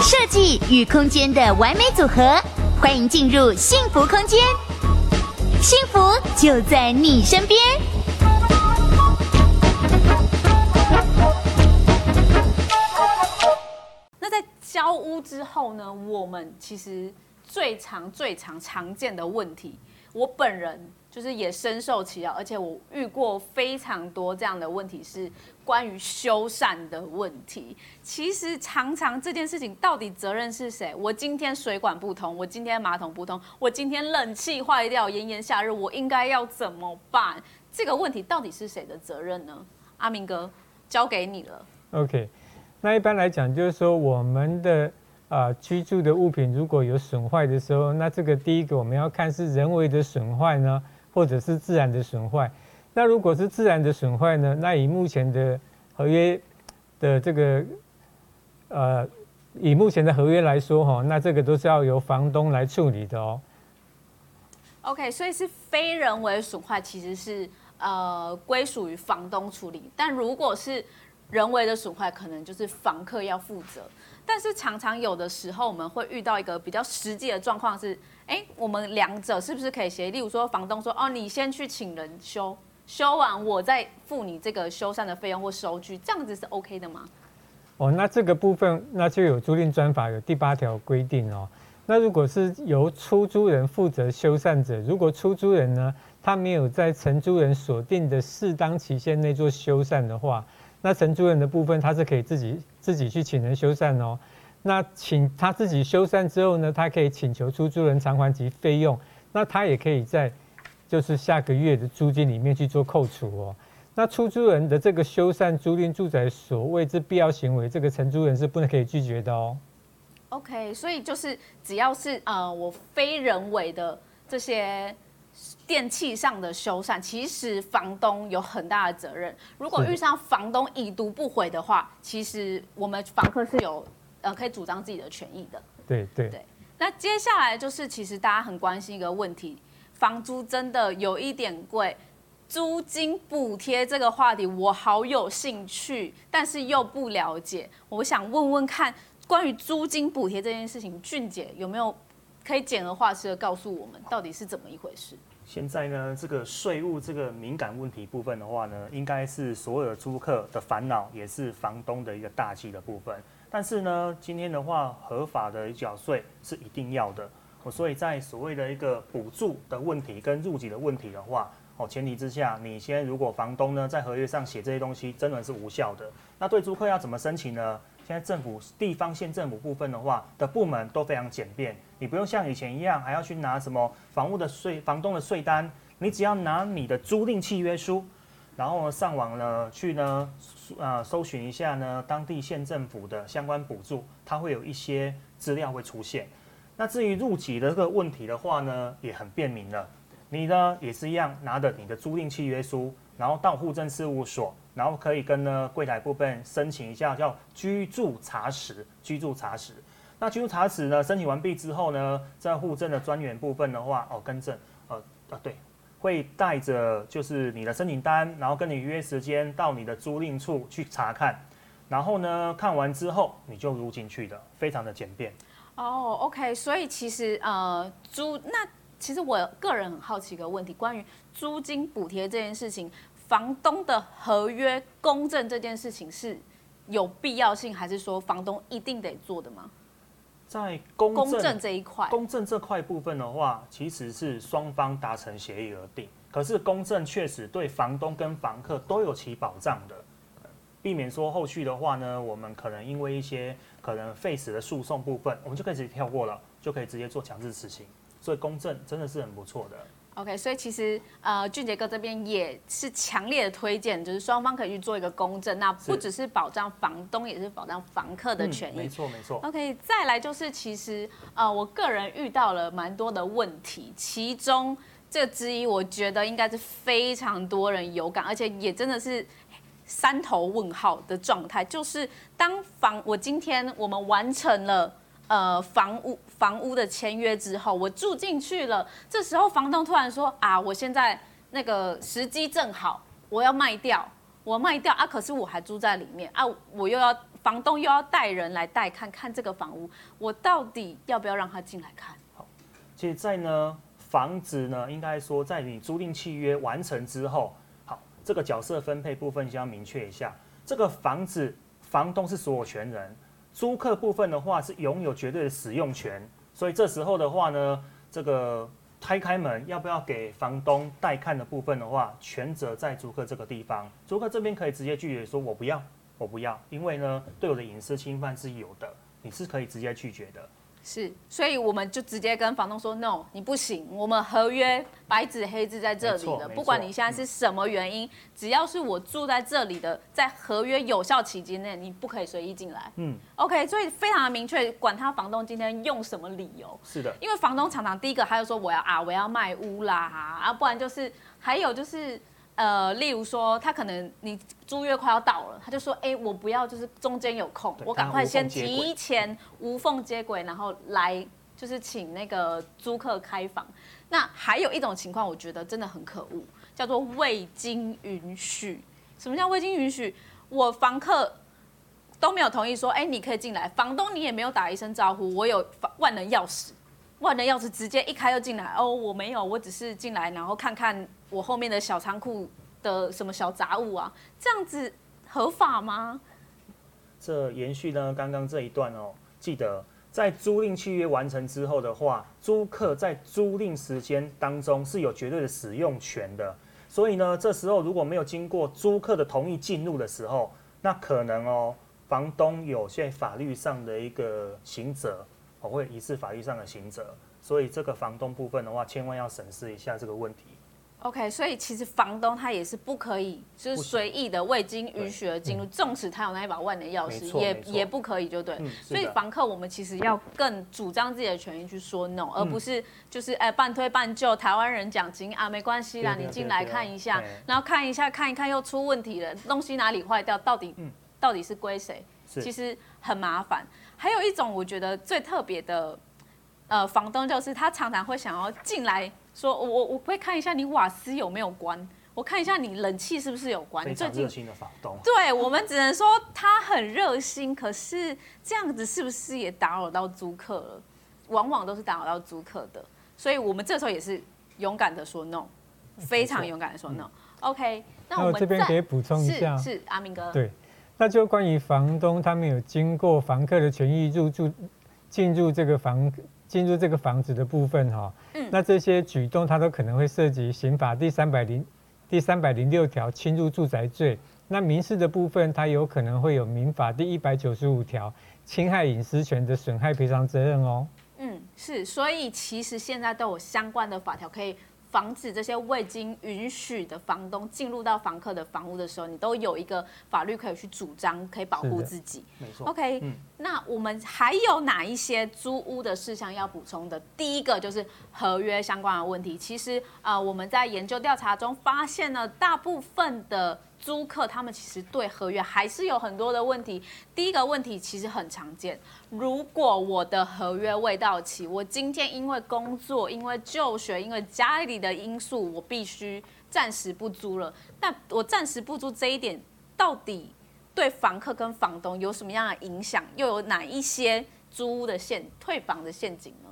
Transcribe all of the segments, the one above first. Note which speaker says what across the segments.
Speaker 1: 設計與空間的完美組合，歡迎進入幸福空間，幸福就在你身邊。那在交屋之後呢，我們其實最常、最常、常見的問題，我本人。就是也深受其擾，而且我遇過非常多這樣的問題，是關於修繕的問題。其實常常這件事情到底責任是誰？我今天水管不通，我今天馬桶不通，我今天冷氣壞掉，炎炎夏日我應該要怎麼辦？這個問題到底是誰的責任呢？阿明哥，交給你了。
Speaker 2: OK，那一般來講就是說我們的啊、呃、居住的物品如果有損壞的時候，那這個第一個我們要看是人為的損壞呢。或者是自然的損壞，那如果是自然的損壞呢？那以目前的合約的這個呃，以目前的合約來說，哈，那這個都是要由房東來處理的
Speaker 1: 哦。OK，所以是非人為損壞其實是呃歸屬於房東處理，但如果是人為的損壞，可能就是房客要負責。但是常常有的時候，我們會遇到一個比較實際的狀況是。哎，我們兩者是不是可以協議？例如說，房東說：“哦，你先去請人修，修完我再付你這個修繕的費用或收據。”這樣子是 OK 的嗎？
Speaker 2: 哦，那這個部分那就有租賃專法有第八條規定哦。那如果是由出租人負責修繕者，如果出租人呢，他沒有在承租人所定的適當期限內做修繕的話，那承租人的部分，他是可以自己自己去請人修繕哦。那請他自己修繕之後呢，他可以請求出租人償還其費用。那他也可以在就是下個月的租金裡面去做扣除哦。那出租人的這個修繕租賃住宅所謂之必要行為，這個承租人是不能可以拒絕的哦。
Speaker 1: OK，所以就是只要是呃我非人為的這些電器上的修繕，其實房東有很大的責任。如果遇上房東已讀不回的話，其實我們房客是有。呃，可以主張自己的權益的。對對對。對對那接下來就是，其實大家很關心一個問題，房租真的有一點貴，租金補貼這個話題我好有興趣，但是又不了解。我想問問看，關於租金補貼這件事情，俊姐有沒有可以簡而化之的告訴我們到底是怎麼一回事？
Speaker 3: 現在呢，這個稅務這個敏感問題部分的話呢，應該是所有的租客的煩惱，也是房東的一個大忌的部分。但是呢，今天的話，合法的繳稅是一定要的。哦，所以在所謂的一個補助的問題跟入籍的問題的話，哦，前提之下，你先如果房東呢在合約上寫這些東西，真的是無效的。那對租客要怎麼申請呢？現在政府地方縣政府部分的話的部門都非常簡便，你不用像以前一樣還要去拿什麼房屋的稅房東的稅單，你只要拿你的租賃契約書，然後上網呢去呢啊搜尋一下呢當地縣政府的相關補助，它會有一些資料會出現。那至於入籍的這個問題的話呢，也很便民了，你呢也是一樣拿着你的租賃契約書，然後到戶政事務所。然後可以跟呢櫃檯部分申請一下，叫居住查實，居住查實。那居住查實呢，申請完畢之後呢，在戶政的專員部分的話，哦，更正，呃，啊對，會帶着就是你的申請單，然後跟你約時間到你的租賃處去查看，然後呢，看完之後你就入進去的，非常的簡便。
Speaker 1: 哦，OK，所以其實呃租那其實我個人很好奇一個問題，關於租金補貼這件事情。房東的合約公證這件事情是有必要性，還是說房東一定得做的嗎？
Speaker 3: 在公公證這一塊，公證這塊部分的話，其實是雙方達成協議而定。可是公證確實對房東跟房客都有其保障的，嗯，避免說後續的話呢，我們可能因為一些可能費時的訴訟部分，我們就可以直接跳過了，就可以直接做強制執行。所以公證真的是很不錯的。
Speaker 1: OK，所以其實呃，俊杰哥這邊也是強烈的推薦，就是雙方可以去做一個公證，那不只是保障房東，是也是保障房客的權益。嗯，沒錯沒錯。OK，再來就是其實呃我個人遇到了蠻多的問題，其中這之一，我覺得應該是非常多人有感，而且也真的是三頭問號的狀態，就是當房我今天我們完成了。呃，房屋房屋的簽約之後，我住進去了。這時候房東突然說啊，我現在那個時機正好，我要賣掉，我賣掉啊。可是我還租在裡面啊，我又要房東又要帶人來帶看看這個房屋，我到底要不要讓他進來看？好，
Speaker 3: 其實，在呢房子呢，應該說在你租賃契約完成之後，好，這個角色分配部分就要明確一下。這個房子房東是所有權人。租客部分的話是擁有絕對的使用權，所以這時候的話呢，這個開開門要不要給房東帶看的部分的話，權責在租客這個地方。租客這邊可以直接拒絕，說我不要，我不要，因為呢對我的隱私侵犯是有的，你是可以直接拒絕的。
Speaker 1: 是，所以我們就直接跟房東說，no，你不行。我們合約白紙黑字在這裡的，不管你現在是什麼原因，只要是我住在這裡的，在合約有效期間內，你不可以隨意進來。嗯，OK，所以非常的明確，管他房東今天用什麼理由，是的，因為房東常常第一個他就說我要啊，我要賣屋啦，啊，不然就是還有就是。呃，例如說，他可能你租約快要到了，他就說，哎、欸，我不要，就是中間有空，對我趕快先提前無縫接軌對，然後來就是請那個租客開房。那還有一種情況，我覺得真的很可惡，叫做未經允許。什麼叫未經允許？我房客都沒有同意說，哎、欸，你可以進來。房東你也沒有打一聲招呼，我有萬能鑰匙。萬能鑰匙直接一開就進來哦，我沒有，我只是進來然後看看我後面的小倉庫的什麼小雜物啊，這樣子合法嗎？
Speaker 3: 這延續呢剛剛這一段哦，記得在租賃契約完成之後的話，租客在租賃時間當中是有絕對的使用權的，所以呢這時候如果沒有經過租客的同意進入的時候，那可能哦房東有現在法律上的一個刑責。我會移送法律上的刑責，所以這個房東部分的話，千萬要審視一下這個問題。
Speaker 1: OK，所以其實房東他也是不可以，就是隨意的未經允許而進入，縱、嗯、使他有那一把萬能鑰匙，錯也錯也不可以，就對。嗯、所以房客我們其實要更主張自己的權益去說 no，、嗯、而不是就是哎半推半就。台灣人講情啊，沒關係啦，對對對對你進來看一下，對對對對然後看一下看一看又出問題了，東西哪裡壞掉，到底、嗯、到底是歸誰？是 其實很麻煩，還有一種我覺得最特別的，呃，房東就是他常常會想要進來說，我我會看一下你瓦斯有沒有關，我看一下你冷氣是不是有關。非常熱
Speaker 3: 心的房東。
Speaker 1: 對我們只能說他很熱心，可是這樣子是不是也打擾到租客了？往往都是打擾到租客的，所以我們這時候也是勇敢的說 no，非常勇敢的說 no。OK，那我這邊可以補充一下，是，是阿明哥對。
Speaker 2: 那就關於房東他沒有經過房客的權益入住進入這個房進入這個房子的部分哈、喔，嗯、那這些舉動他都可能會涉及刑法第三百零第三百零六條侵入住宅罪。那民事的部分，他有可能會有民法第一百九十五條侵害隱私權的損害賠償責任哦、喔。嗯，
Speaker 1: 是，所以其實現在都有相關的法條可以。防止這些未經允許的房東進入到房客的房屋的時候，你都有一個法律可以去主張，可以保護自己。沒錯，OK，嗯，那我們還有哪一些租屋的事項要補充的？第一個就是合約相關的問題。其實啊，呃，我們在研究調查中發現了大部分的。租客他們其實對合約還是有很多的問題。第一個問題其實很常見，如果我的合約未到期，我今天因為工作、因為就學、因為家裡的因素，我必須暫時不租了。那我暫時不租這一點，到底對房客跟房東有什麼樣的影響？又有哪一些租屋的陷、退房的陷阱呢？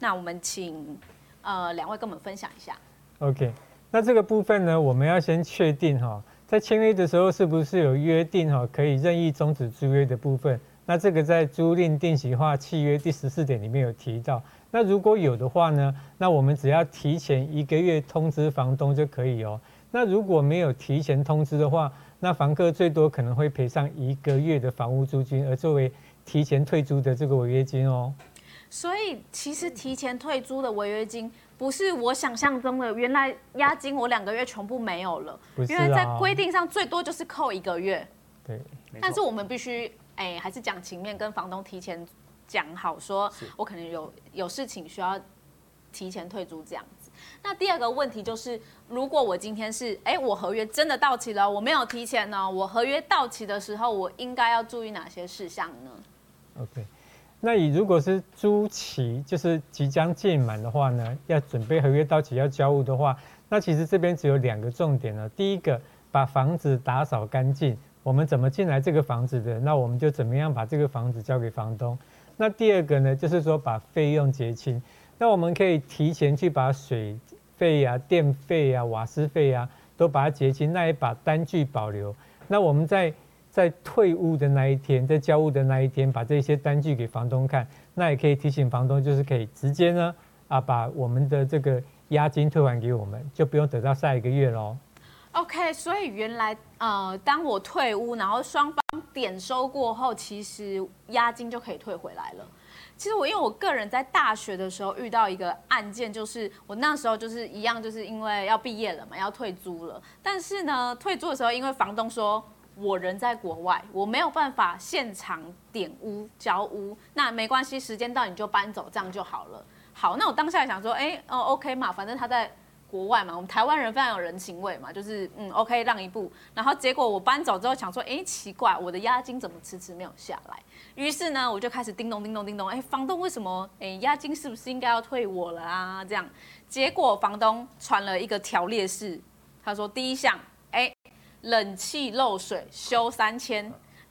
Speaker 1: 那我們請呃兩位跟我們分享一下。
Speaker 2: OK，那這個部分呢，我們要先確定哈、喔。在簽約的時候，是不是有約定哈，可以任意終止租約的部分？那這個在租賃定型化契約第十四點裡面有提到。那如果有的話呢？那我們只要提前一個月通知房東就可以哦、喔。那如果沒有提前通知的話，那房客最多可能會賠上一個月的房屋租金，而作為提前退租的這個違約金哦、喔。
Speaker 1: 所以，其實提前退租的違約金。不是我想象中的，原來押金我兩個月全部沒有了，原來在規定上最多就是扣一個月。
Speaker 2: 對，但是我們
Speaker 1: 必須哎錯，還是講情面，跟房東提前講好，說我可能有是有事情需要提前退租這樣子。那第二個問題就是，如果我今天是哎，我合約真的到期了，我沒有提前呢，我合約到期的時候，我應該要注意哪些事項呢？okay.
Speaker 2: 那以，如果是租期就是即將屆滿的話呢，要準備合約到期要交屋的話，那其實這邊只有兩個重點了啊。第一個，把房子打掃乾淨，我們怎麼進來這個房子的，那我們就怎麼樣把這個房子交給房東。那第二個呢，就是說把費用結清。那我們可以提前去把水費啊、電費啊、瓦斯費啊都把它結清，那也把單據保留。那我們在。在退屋的那一天，在交屋的那一天，把這些單據給房東看，那也可以提醒房東，就是可以直接呢，啊，把我們的這個押金退還給我們，就不用等到下一個月嘍。
Speaker 1: OK，所以原來呃，當我退屋，然後雙方點收過後，其實押金就可以退回來了。其實我因為我個人在大學的時候遇到一個案件，就是我那時候就是一樣，就是因為要畢業了嘛，要退租了，但是呢，退租的時候因為房東說。我人在國外，我沒有辦法現場點屋交屋，那沒關係，時間到你就搬走，這樣就好了。好，那我當下想說，哎、欸，哦，OK 嘛，反正他在國外嘛，我們台灣人非常有人情味嘛，就是，嗯，OK，讓一步。然後結果我搬走之後想說，哎、欸，奇怪，我的押金怎麼遲遲沒有下來？於是呢，我就開始叮咚叮咚叮咚，哎、欸，房東為什麼？哎、欸，押金是不是應該要退我了啊？這樣，結果房東傳了一個條列式，他說第一項，哎、欸。冷氣漏水修三千，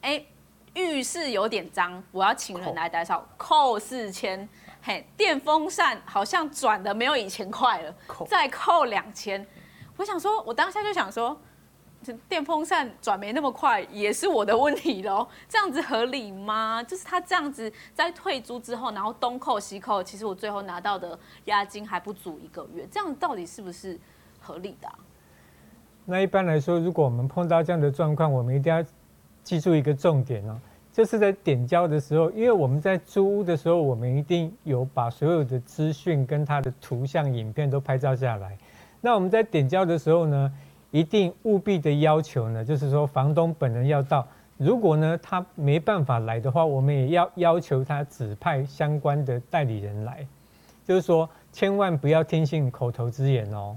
Speaker 1: 哎、欸，浴室有點髒，我要請人來打掃，扣四千。嘿，電風扇好像轉得沒有以前快了，再扣兩千。我想說，我當下就想說，電風扇轉沒那麼快也是我的問題咯。這樣子合理嗎？就是他這樣子在退租之後，然後東扣西扣，其實我最後拿到的押金還不足一個月，這樣到底是不是合理的啊？
Speaker 2: 那一般來說，如果我們碰到這樣的狀況，我們一定要記住一個重點哦，就是在點交的時候，因為我們在租屋的時候，我們一定有把所有的資訊跟他的圖像、影片都拍照下來。那我們在點交的時候呢，一定務必的要求呢，就是說房東本人要到，如果呢他沒辦法來的話，我們也要要求他指派相關的代理人來，就是說千萬不要聽信口頭之言哦。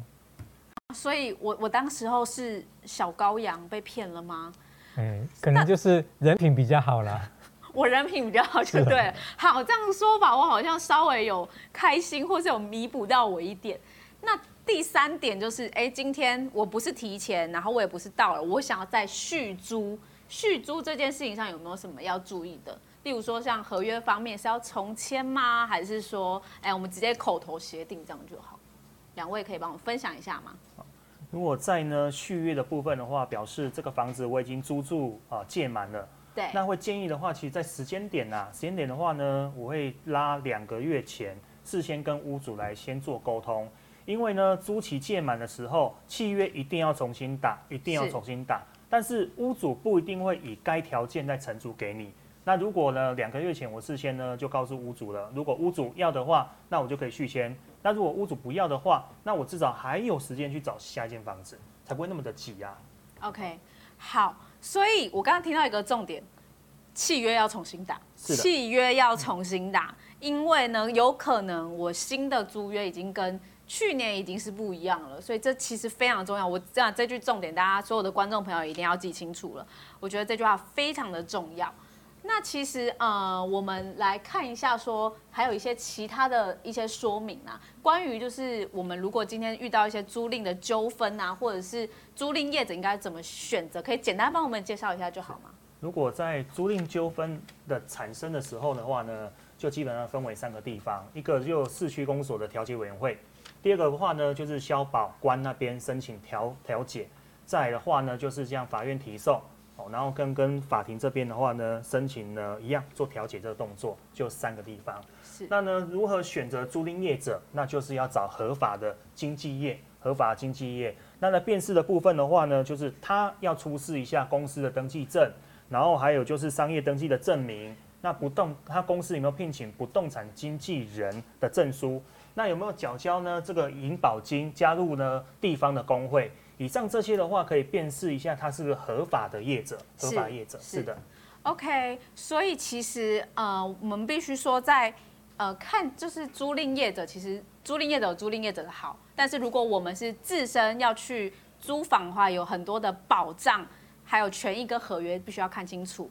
Speaker 1: 所以我，我我當時候是小羔羊被騙了嗎？嗯、欸，
Speaker 2: 可能就是人品比較好啦。
Speaker 1: 我人品比較好，就對。啊、好，這樣說法我好像稍微有開心，或是有彌補到我一點。那第三點就是，哎、欸，今天我不是提前，然後我也不是到了，我想要再續租，續租這件事情上有沒有什麼要注意的？例如說，像合約方面是要重簽嗎？還是說，哎、欸，我們直接口頭協定這樣就好？兩位可以幫我分享一下嗎？
Speaker 3: 如果在呢續約的部分的話，表示這個房子我已經租住啊屆滿了。對。那會建議的話，其實，在時間點吶、啊，時間點的話呢，我會拉兩個月前，事先跟屋主來先做溝通。因為呢，租期屆滿的時候，契約一定要重新打，一定要重新打。是。但是屋主不一定會以該條件再承租給你。那如果呢兩個月前我事先呢就告訴屋主了，如果屋主要的話，那我就可以續簽。那如果屋主不要的話，那我至少還有時間去找下一間房子，才不會那麼的擠壓
Speaker 1: 啊。OK，好，所以我剛剛聽到一個重點，契約要重新打，是的。契約要重新打，因為呢，有可能我新的租約已經跟去年已經是不一樣了，所以這其實非常重要。我這樣這句重點，大家所有的觀眾朋友一定要記清楚了，我覺得這句話非常的重要。那其實呃，我們來看一下說，說還有一些其他的一些說明啊，關於就是我們如果今天遇到一些租賃的糾紛啊，或者是租賃業者應該怎麼選擇，可以簡單幫我們介紹一下就好嗎？
Speaker 3: 如果在租賃糾紛的產生的時候的話呢，就基本上分為三個地方，一個就是市區公所的調解委員會，第二個的話呢就是消保官那邊申請調調解，再來的話呢就是向法院提送。然後跟跟法庭這邊的話呢，申請呢一樣做調解這個動作，就三個地方。是，那呢如何選擇租賃業者？那就是要找合法的經紀業，合法經紀業。那在辨識的部分的話呢，就是他要出示一下公司的登記證，然後還有就是商業登記的證明。那不動他公司有沒有聘請不動產經紀人的證書？那有沒有繳交呢這個銀保金？加入呢地方的公會？以上這些的話，可以辨識一下他是不是合法的業者，合法業者是，是，是的。
Speaker 1: OK，所以其實呃，我們必須說在，在呃看就是租賃業者，其實租賃業者有租賃業者的好，但是如果我們是自身要去租房的話，有很多的保障，還有權益跟合約必須要看清楚。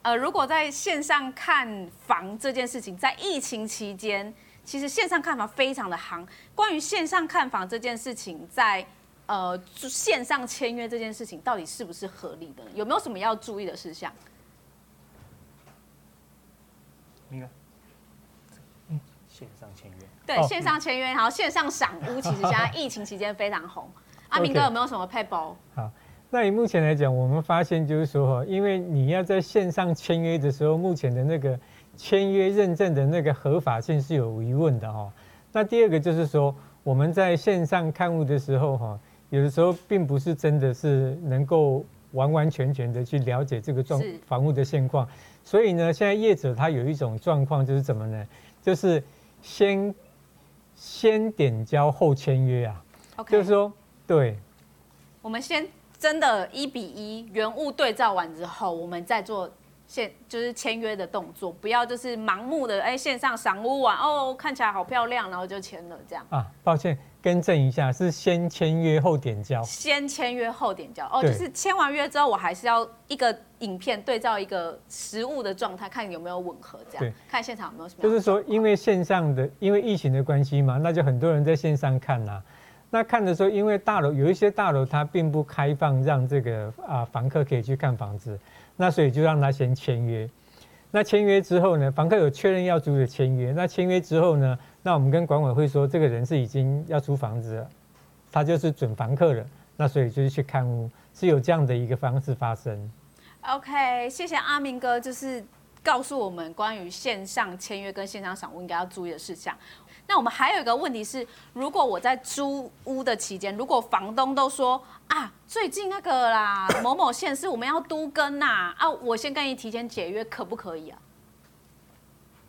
Speaker 1: 呃，如果在線上看房這件事情，在疫情期間，其實線上看房非常的行。關於線上看房這件事情，在呃，線上簽約這件事情到底是不是合理的？有沒有什麼要注意的事項？明
Speaker 2: 哥，嗯，線上簽約對、哦、線上
Speaker 1: 簽約，嗯、然後線上賞屋，其實現在疫情期間非常紅。阿明哥有沒有什麼撇步？好，
Speaker 2: 那以目前來講，我們發現就是說哈，因為你要在線上簽約的時候，目前的那個簽約認證的那個合法性是有疑問的哈、喔。那第二個就是說，我們在線上看物的時候哈、喔。有的時候並不是真的是能夠完完全全的去了解這個狀是 房屋的現況，所以呢，現在業者他有一種狀況就是怎麼呢？就是先先點交後簽約啊，Okay 就是說對，
Speaker 1: 我們先真的，一比一原物對照完之後，我們再做現就是簽約的動作，不要就是盲目的哎線上賞屋啊，哦看起來好漂亮，然後就簽了這樣
Speaker 2: 啊，抱歉。更正一下，是先簽約後點交。
Speaker 1: 先簽約後點交，對哦，就是簽完約之後，我還是要一個影片對照一個實物的狀態，看有沒有吻合，這樣對看現場有沒有什麼。就是
Speaker 2: 說，因為線上的，因為疫情的關係嘛，那就很多人在線上看吶、啊。那看的時候，因為大樓有一些大樓它並不開放，讓這個啊房客可以去看房子，那所以就讓他先簽約。那簽約之後呢？房客有確認要租的簽約。那簽約之後呢？那我們跟管委會說，這個人是已經要租房子了，他就是準房客了。那所以就是去看屋，是有這樣的一個方式發生。
Speaker 1: OK，謝謝阿明哥，就是告訴我們關於線上簽約跟線上賞屋應該要注意的事項。那我們還有一個問題是，如果我在租屋的期間，如果房東都說啊，最近那個啦，某某縣市，我們要都更吶，啊，我先跟你提前解約，可不可以啊？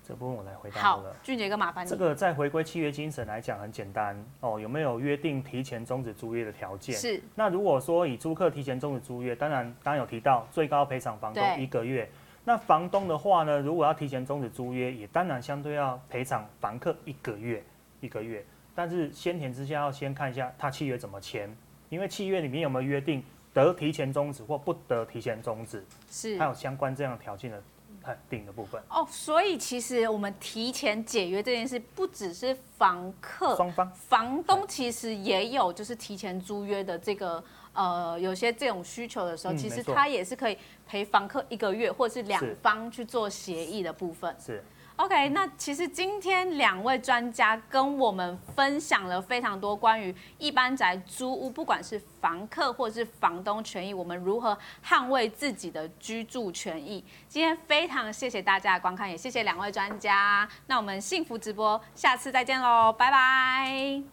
Speaker 3: 這部分我來回答好了。好，
Speaker 1: 俊杰哥麻煩你。這個
Speaker 3: 在回歸契約精神來講很簡單哦，有沒有約定提前終止租約的條件？是。那如果說以租客提前終止租約，當然，當剛有提到最高賠償房東一個月。那房東的話呢？如果要提前終止租約，也當然相對要賠償房客一個月，一個月。但是先前之下要先看一下他契約怎麼簽，因為契約裡面有沒有約定得提前終止或不得提前終止，是還有相關這樣條件的，定的部分。
Speaker 1: 哦，所以其實我們提前解約這件事，不只是房客雙方，房東其實也有就是提前租約的這個。呃，有些這種需求的時候，其實他也是可以陪房客一個月，或者是兩方去做協議的部分。是，OK。那其實今天兩位專家跟我們分享了非常多關於一般宅租屋，不管是房客或者是房東權益，我們如何捍衛自己的居住權益。今天非常謝謝大家的觀看，也謝謝兩位專家。那我們幸福直播，下次再見嘍，拜拜。